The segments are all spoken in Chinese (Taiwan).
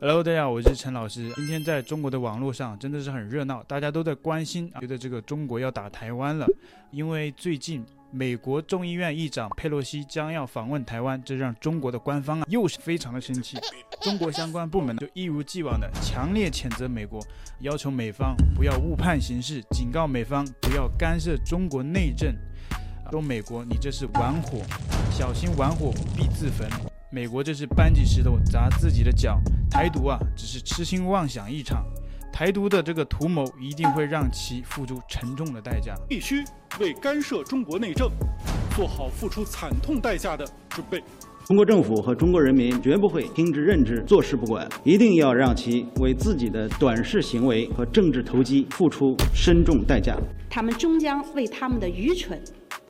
Hello，大家好，我是陳老師。今天在中國的網絡上真的是很熱鬧，大家都在關心，啊，覺得這個中國要打台灣了。因為最近美國眾議院議長佩洛西將要訪問台灣，這讓中國的官方啊又是非常的生氣。中國相關部門就一如既往的強烈譴責美國，要求美方不要誤判形勢，警告美方不要干涉中國內政，啊，說美國你這是玩火，小心玩火必自焚。美國這是搬起石頭砸自己的腳。台獨啊，只是痴心妄想一場。台獨的這個圖謀一定會讓其付出沉重的代價，必須為干涉中國內政做好付出慘痛代價的準備。中國政府和中國人民絕不會聽之任之、坐視不管，一定要讓其為自己的短視行為和政治投機付出深重代價。他們終將為他們的愚蠢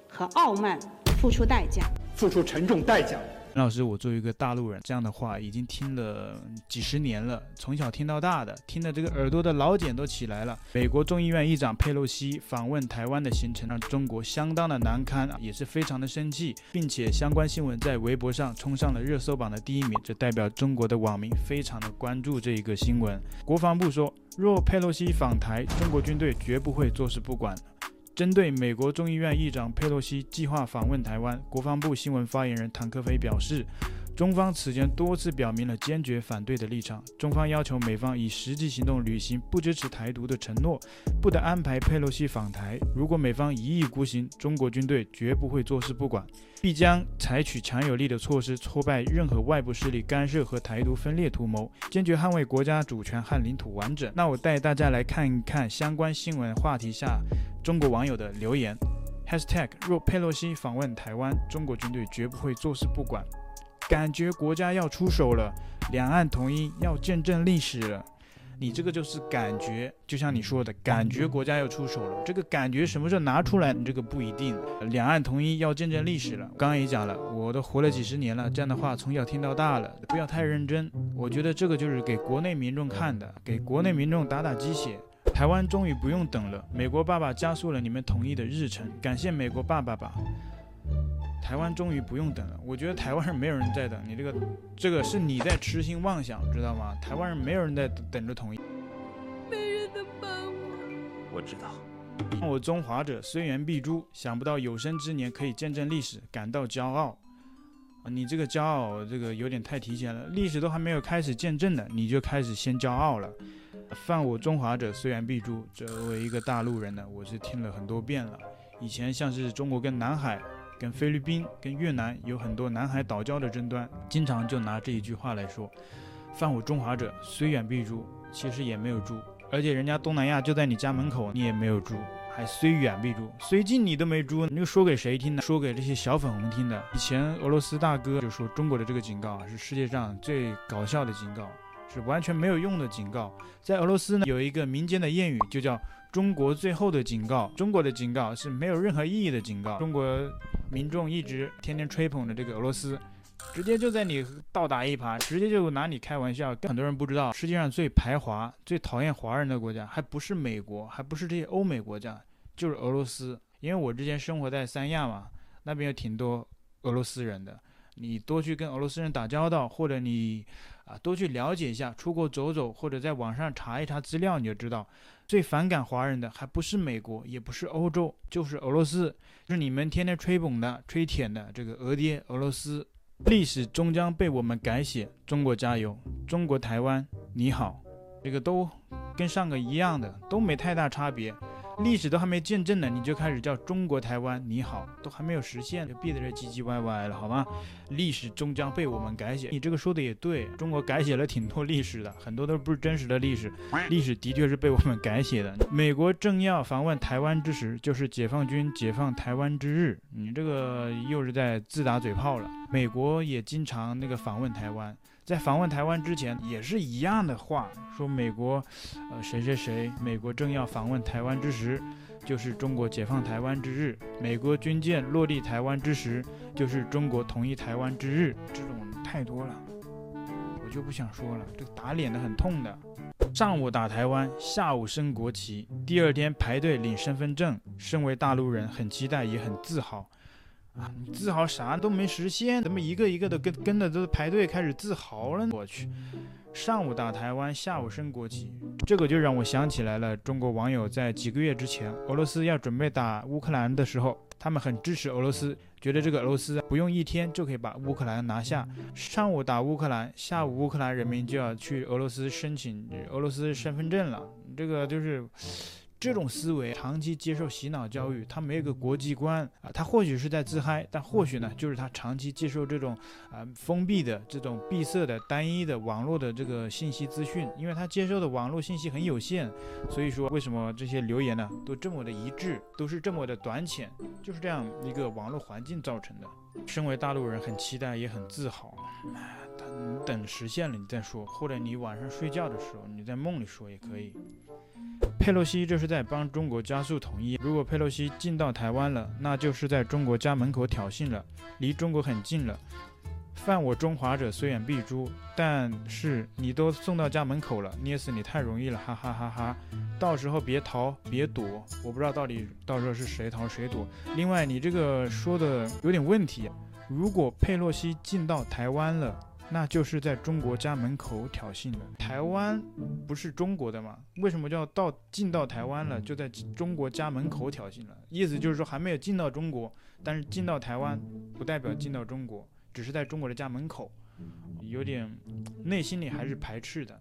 和傲慢付出代價，付出沉重代價。陳老師，我作為一個大陸人，這樣的話已經聽了幾十年了，從小聽到大的，聽的這個耳朵的老繭都起來了。美國眾議院議長佩洛西訪問台灣的行程，讓中國相當的難堪，也是非常的生氣，並且相關新聞在微博上衝上了熱搜榜的第一名，這代表中國的網民非常的關注這一個新聞。國防部說，若佩洛西訪台，中國軍隊絕不會坐視不管。針對美國眾議院議長佩洛西計劃訪問台灣，國防部新聞發言人譚克非表示，中方此前多次表明了堅決反對的立場。中方要求美方以實際行動履行不支持台獨的承諾，不得安排佩洛西訪台。如果美方一意孤行，中國軍隊絕不會坐視不管，必將採取強有力的措施挫敗任何外部勢力干涉和台獨分裂圖謀，堅決捍衛國家主權和領土完整。那我帶大家來看一看相關新聞話題下，中國網友的留言：#若佩洛西訪問台灣，中國軍隊絕不會坐視不管。感覺國家要出手了，兩岸統一要見證歷史了。你這個就是感覺，就像你說的感覺，國家要出手了。這個感覺什麼時候拿出來？你這個不一定。兩岸統一要見證歷史了。剛剛也講了，我都活了幾十年了，這樣的話從小聽到大了，不要太認真。我覺得這個就是給國內民眾看的，給國內民眾打打雞血。台灣終於不用等了，美國爸爸加速了你們統一的日程，感謝美國爸爸吧。台灣終於不用等了，我覺得台灣人沒有人在等你這個，這個是你在痴心妄想，知道嗎？台灣人沒有人在等着統一。沒人能幫我。我知道，犯我中華者雖遠必誅。想不到有生之年可以見證歷史，感到驕傲。你這個驕傲，這個有點太提前了，歷史都還沒有開始見證呢，你就開始先驕傲了。犯我中華者，雖遠必誅。作為一個大陸人呢，我是聽了很多遍了。以前像是中國跟南海、跟菲律賓、跟越南有很多南海島礁的爭端，經常就拿這一句話來說：犯我中華者，雖遠必誅。其實也沒有誅，而且人家東南亞就在你家門口，你也沒有誅。還雖遠必誅，雖近你都沒誅，你又說給誰聽呢？說給這些小粉紅聽的。以前俄羅斯大哥就說中國的這個警告啊，是世界上最搞笑的警告，是完全沒有用的警告。在俄羅斯呢，有一個民間的諺語，就叫“中國最後的警告”。中國的警告是沒有任何意義的警告。中國民眾一直天天吹捧着這個俄羅斯，直接就在你倒打一耙，直接就拿你開玩笑。很多人不知道，世界上最排華、最討厭華人的國家，還不是美國，還不是這些歐美國家。就是俄羅斯，因為我之前生活在三亞嘛，那邊有挺多俄羅斯人的。你多去跟俄羅斯人打交道，或者你啊多去了解一下，出國走走，或者在網上查一查資料，你就知道。最反感華人的還不是美國，也不是歐洲，就是俄羅斯，就是你們天天吹捧的、吹舔的這個俄爹俄羅斯。歷史終將被我們改寫，中國加油，中國台灣你好，這個都跟上個一樣的，都沒太大差別。歷史都還沒見證呢，你就開始叫中國台灣你好，都還沒有實現，就別在這唧唧歪歪了，好嗎？歷史終將被我們改寫。你這個說的也對，中國改寫了挺多歷史的，很多都不是真實的歷史。歷史的確是被我們改寫的。美國政要訪問台灣之時，就是解放軍解放台灣之日。你這個又是在自打嘴炮了。美國也經常那個訪問台灣。在訪問台灣之前，也是一樣的話，說美國，呃，誰誰誰，美國政要訪問台灣之時，就是中國解放台灣之日；美國軍艦落地台灣之時，就是中國統一台灣之日。這種太多了，我就不想說了，這打臉的很痛的。上午打台灣，下午升國旗，第二天排隊領身份證。身為大陸人，很期待，也很自豪。你自豪啥，都沒實現，怎麼一個一個的跟跟着都排隊開始自豪了呢？我去，上午打台灣，下午升國旗，這個就讓我想起來了。中國網友在幾個月之前，俄羅斯要準備打烏克蘭的時候，他們很支持俄羅斯，覺得這個俄羅斯不用一天就可以把烏克蘭拿下。上午打烏克蘭，下午烏克蘭人民就要去俄羅斯申請俄羅斯身份證了。這個就是。這種思維，長期接受洗腦教育，他沒有個國際觀啊、呃，他或許是在自嗨，但或許呢，就是他長期接受這種，啊、呃，封閉的、這種閉塞的、單一的網絡的這個信息資訊，因為他接受的網絡信息很有限，所以說為什麼這些留言呢、啊，都這麼的一致，都是這麼的短淺，就是這樣一個網絡環境造成的。身為大陸人，很期待，也很自豪。那等等實現了你再說，或者你晚上睡覺的時候，你在夢裡說也可以。佩洛西這是在幫中國加速統一。如果佩洛西進到台灣了，那就是在中國家門口挑釁了，離中國很近了。犯我中華者雖遠必誅，但是你都送到家門口了，捏死你太容易了，哈哈哈哈！到時候別逃別躲，我不知道到底到時候是誰逃誰躲。另外，你這個說的有點問題。如果佩洛西進到台灣了，那就是在中國家門口挑釁了。台灣不是中國的嗎？為什麼叫到進到台灣了，就在中國家門口挑釁了？意思就是說還沒有進到中國，但是進到台灣不代表進到中國，只是在中國的家門口，有點內心裡還是排斥的，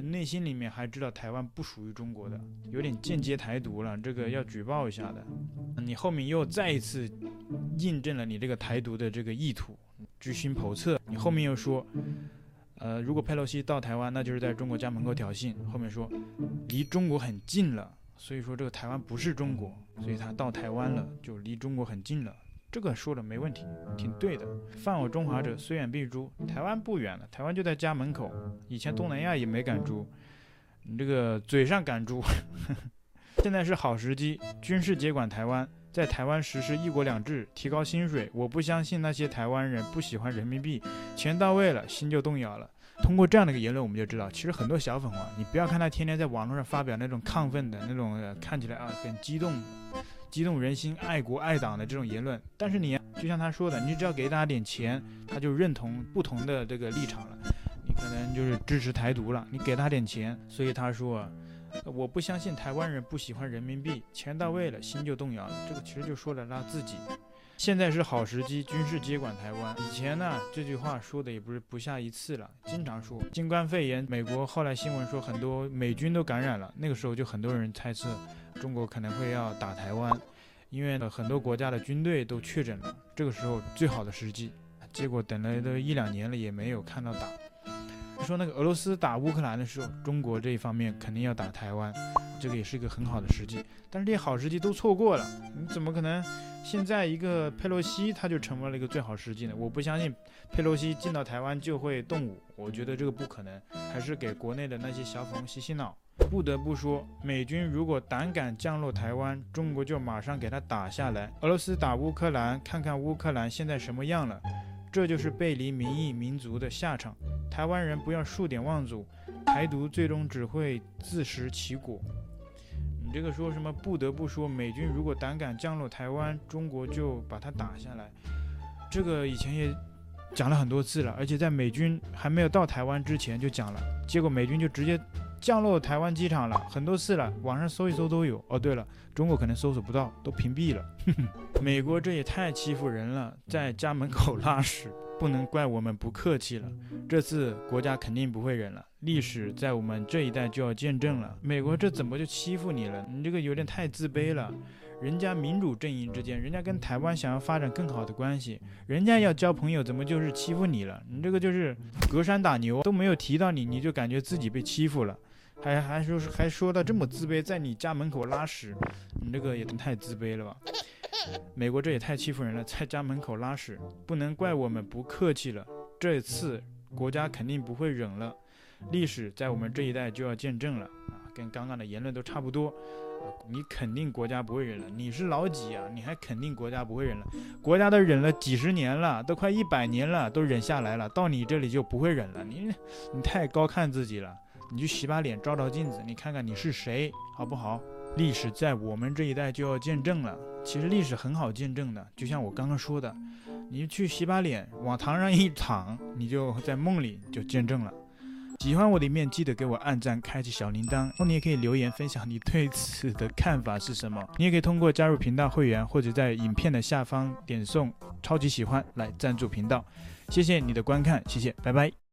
內心裡面還知道台灣不屬於中國的，有點間接台獨了。這個要舉報一下的。你後面又再一次印證了你這個台獨的這個意圖。居心叵測。你後面又說，呃，如果佩洛西到台灣，那就是在中國家門口挑釁。後面說，離中國很近了，所以說這個台灣不是中國，所以他到台灣了，就離中國很近了。這個說的沒問題，挺對的。犯我中華者，雖遠必誅。台灣不遠了，台灣就在家門口。以前東南亞也沒敢誅，你這個嘴上敢誅， 現在是好時機，軍事接管台灣。在台灣實施一國兩制，提高薪水。我不相信那些台灣人不喜歡人民幣，錢到位了，心就動搖了。通過這樣的一個言論，我們就知道，其實很多小粉紅，你不要看他天天在網絡上發表那種亢奮的那種、呃，看起來啊很激動、激動人心、愛國愛黨的這種言論。但是你、啊、就像他說的，你只要給他點錢，他就認同不同的這個立場了。你可能就是支持台獨了。你給他點錢，所以他說。我不相信台灣人不喜歡人民幣，錢到位了，心就動搖了。這個其實就說了他自己。現在是好時機，軍事接管台灣。以前呢，這句話說的也不是不下一次了，經常說。新冠肺炎，美國後來新聞說很多美軍都感染了，那個時候就很多人猜測中國可能會要打台灣，因為呢很多國家的軍隊都確診了，這個時候最好的時機。結果等了都一兩年了，也沒有看到打。說那個俄羅斯打烏克蘭的時候，中國這一方面肯定要打台灣，這個也是一個很好的時機。但是這些好時機都錯過了，你怎麼可能現在一個佩洛西他就成為了一個最好時機呢？我不相信佩洛西進到台灣就會動武，我覺得這個不可能，還是給國內的那些小粉紅洗洗腦。不得不說，美軍如果膽敢降落台灣，中國就馬上給他打下來。俄羅斯打烏克蘭，看看烏克蘭現在什麼樣了。這就是背離民意民族的下場。台灣人不要數典忘祖，台獨最終只會自食其果。你這個說什麼不得不說，美軍如果膽敢降落台灣，中國就把它打下來。這個以前也講了很多次了，而且在美軍還沒有到台灣之前就講了，結果美軍就直接。降落台灣機場了很多次了，網上搜一搜都有。哦，對了，中國可能搜索不到，都屏蔽了。哼哼。美國這也太欺負人了，在家門口拉屎，不能怪我們不客氣了。這次國家肯定不會忍了，歷史在我們這一代就要見證了。美國這怎麼就欺負你了？你這個有點太自卑了。人家民主陣營之間，人家跟台灣想要發展更好的關係，人家要交朋友，怎麼就是欺負你了？你這個就是隔山打牛，都沒有提到你，你就感覺自己被欺負了。還還說是還說到這麼自卑，在你家門口拉屎，你這個也太自卑了吧？美國這也太欺負人了，在家門口拉屎，不能怪我們不客氣了。這次國家肯定不會忍了，歷史在我們這一代就要見證了啊！跟剛剛的言論都差不多，啊，你肯定國家不會忍了。你是老幾啊？你還肯定國家不會忍了？國家都忍了幾十年了，都快一百年了，都忍下來了，到你這裡就不會忍了。你你太高看自己了。你去洗把臉，照照鏡子，你看看你是誰，好不好？歷史在我們這一代就要見證了。其實歷史很好見證的，就像我剛剛說的，你去洗把臉，往床上一躺，你就在夢裡就見證了。喜歡我的影片，記得給我按讚，開啟小鈴鐺。你也可以留言分享你對此的看法是什麼。你也可以通過加入頻道會員，或者在影片的下方點送超級喜歡來贊助頻道。謝謝你的觀看，謝謝，拜拜。